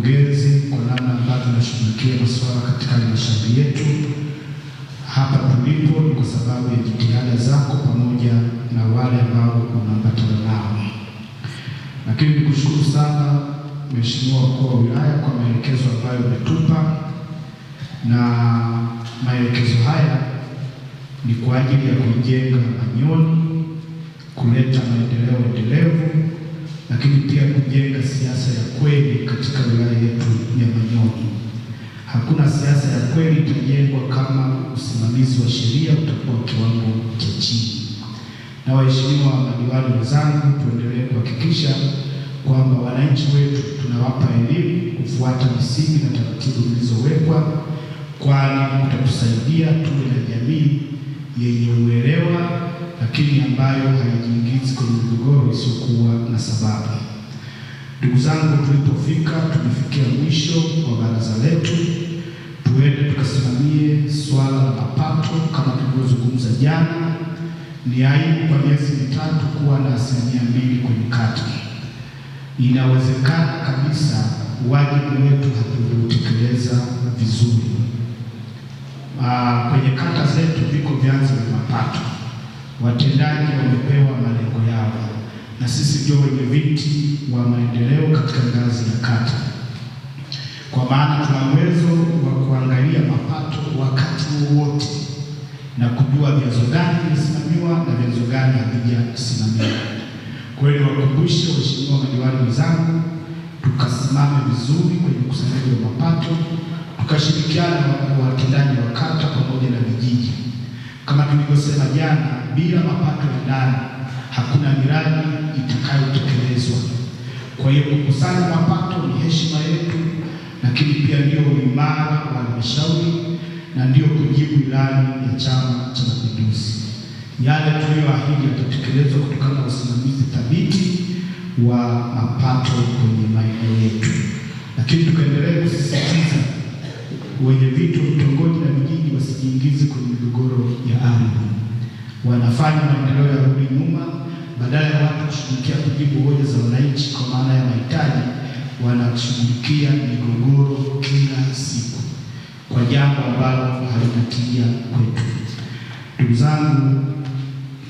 mkurugenzi kwa namna ambavyo tunashughulikia masuala katika halmashauri yetu. Hapa tulipo ni kwa sababu ya jitihada zako pamoja na wale ambao unaambatana nao, lakini nikushukuru sana Mheshimiwa mkuu wa wilaya kwa maelekezo ambayo umetupa, na maelekezo haya ni kwa ajili ya kujenga Manyoni, kuleta maendeleo endelevu lakini pia kujenga siasa ya kweli katika wilaya yetu ya Manyoni. Hakuna siasa ya kweli itajengwa kama usimamizi wa sheria utakuwa kiwango cha chini. Na waheshimiwa madiwani wenzangu, tuendelee kuhakikisha kwamba wananchi wetu tunawapa elimu kufuata misingi na taratibu zilizowekwa, kwani kutatusaidia tuwe na jamii yenye lakini ambayo hayajiingizi kwenye migogoro isiyokuwa na sababu. Ndugu zangu, tulipofika tumefikia mwisho wa baraza letu. Tuende tukasimamie swala la mapato kama tulivyozungumza jana. Ni aibu kwa miezi mitatu kuwa na asilimia mbili kwenye kata. Inawezekana kabisa wajibu wetu hatukutekeleza vizuri. Aa, ah, kwenye kata zetu viko vyanzo vya mapato watendaji wamepewa malengo yao, na sisi ndio wenye viti wa maendeleo katika ngazi ya kata, kwa maana tuna uwezo wa kuangalia mapato wakati wowote na kujua vyanzo gani vinasimamiwa na vyanzo gani havijasimamiwa. Kwa hiyo niwakumbushe waheshimiwa madiwani wenzangu, tukasimame vizuri kwenye ukusanyaji wa mapato, tukashirikiana na watendaji wa kata pamoja na vijiji kama tulivyosema jana, bila mapato ya ndani hakuna miradi itakayotekelezwa. Kwa hiyo kukusanya mapato ni heshima yetu, lakini pia ndio uimara wa halmashauri na ndio kujibu ilani ya Chama cha Mapinduzi. Yale tuliyoahidi yatatekelezwa kutokana na usimamizi thabiti wa mapato kwenye maeneo yetu, lakini tukaendelea kusisitiza wenye vitu vitongoji kufanya maendeleo rudi nyuma, badala ya watu kushughulikia kujibu hoja za wananchi kwa maana ya mahitaji, wanashughulikia migogoro kila siku kwa jambo ambalo halina kwetu. Ndugu zangu,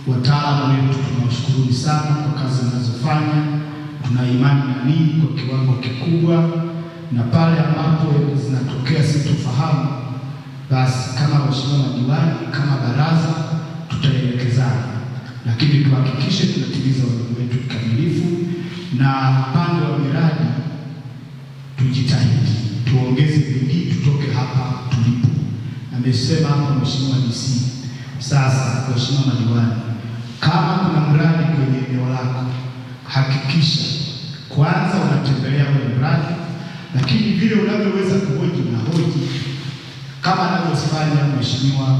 wataalamu wetu tunawashukuruni sana kwa kazi mnazofanya. Tuna imani na ninyi kwa kiwango kikubwa, na pale ambapo zinatokea sitofahamu, basi kama waheshimiwa madiwani, kama baraza lakini tuhakikishe tunatimiza wajibu wetu kikamilifu, na upande wa miradi tujitahidi, tuongeze bidii, tutoke hapa tulipo. Amesema hapa mheshimiwa DC. Sasa mheshimiwa madiwani, kama kuna mradi kwenye eneo lako, hakikisha kwanza unatembelea ule mradi, lakini vile unavyoweza kuhoji na hoji, kama anavyofanya mheshimiwa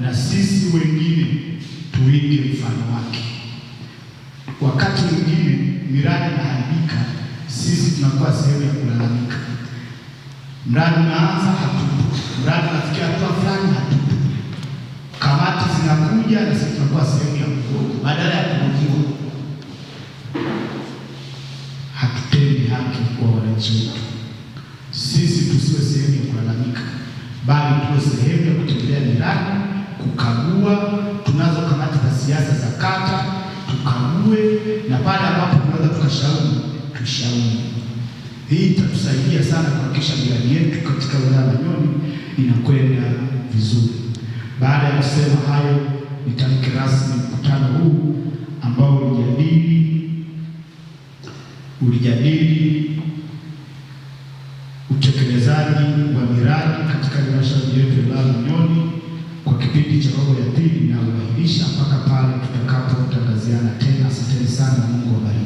na sisi wengine tuige mfano wake. Wakati mwingine miradi inaharibika, sisi tunakuwa sehemu ya kulalamika. Mradi unaanza hatupo, mradi unafikia hatua fulani hatupo, kamati zinakuja na sisi tunakuwa sehemu ya kuoga badala ya kuogiwa. Hatutendi haki kwa wananchi wetu. Sisi tusiwe sehemu ya kulalamika, bali tuwe sehemu ya kutembelea siasa za kata, tukague na pale ambapo tunaweza tukashauri tushauri. Hii itatusaidia sana kuhakikisha miradi yetu katika wilaya ya Manyoni inakwenda vizuri. Baada ya kusema hayo, nitamke rasmi mkutano huu ambao ulijadili ulijadili utekelezaji wa miradi katika halmashauri pale tutakapotangaziana tena. Asanteni sana, Mungu awabariki.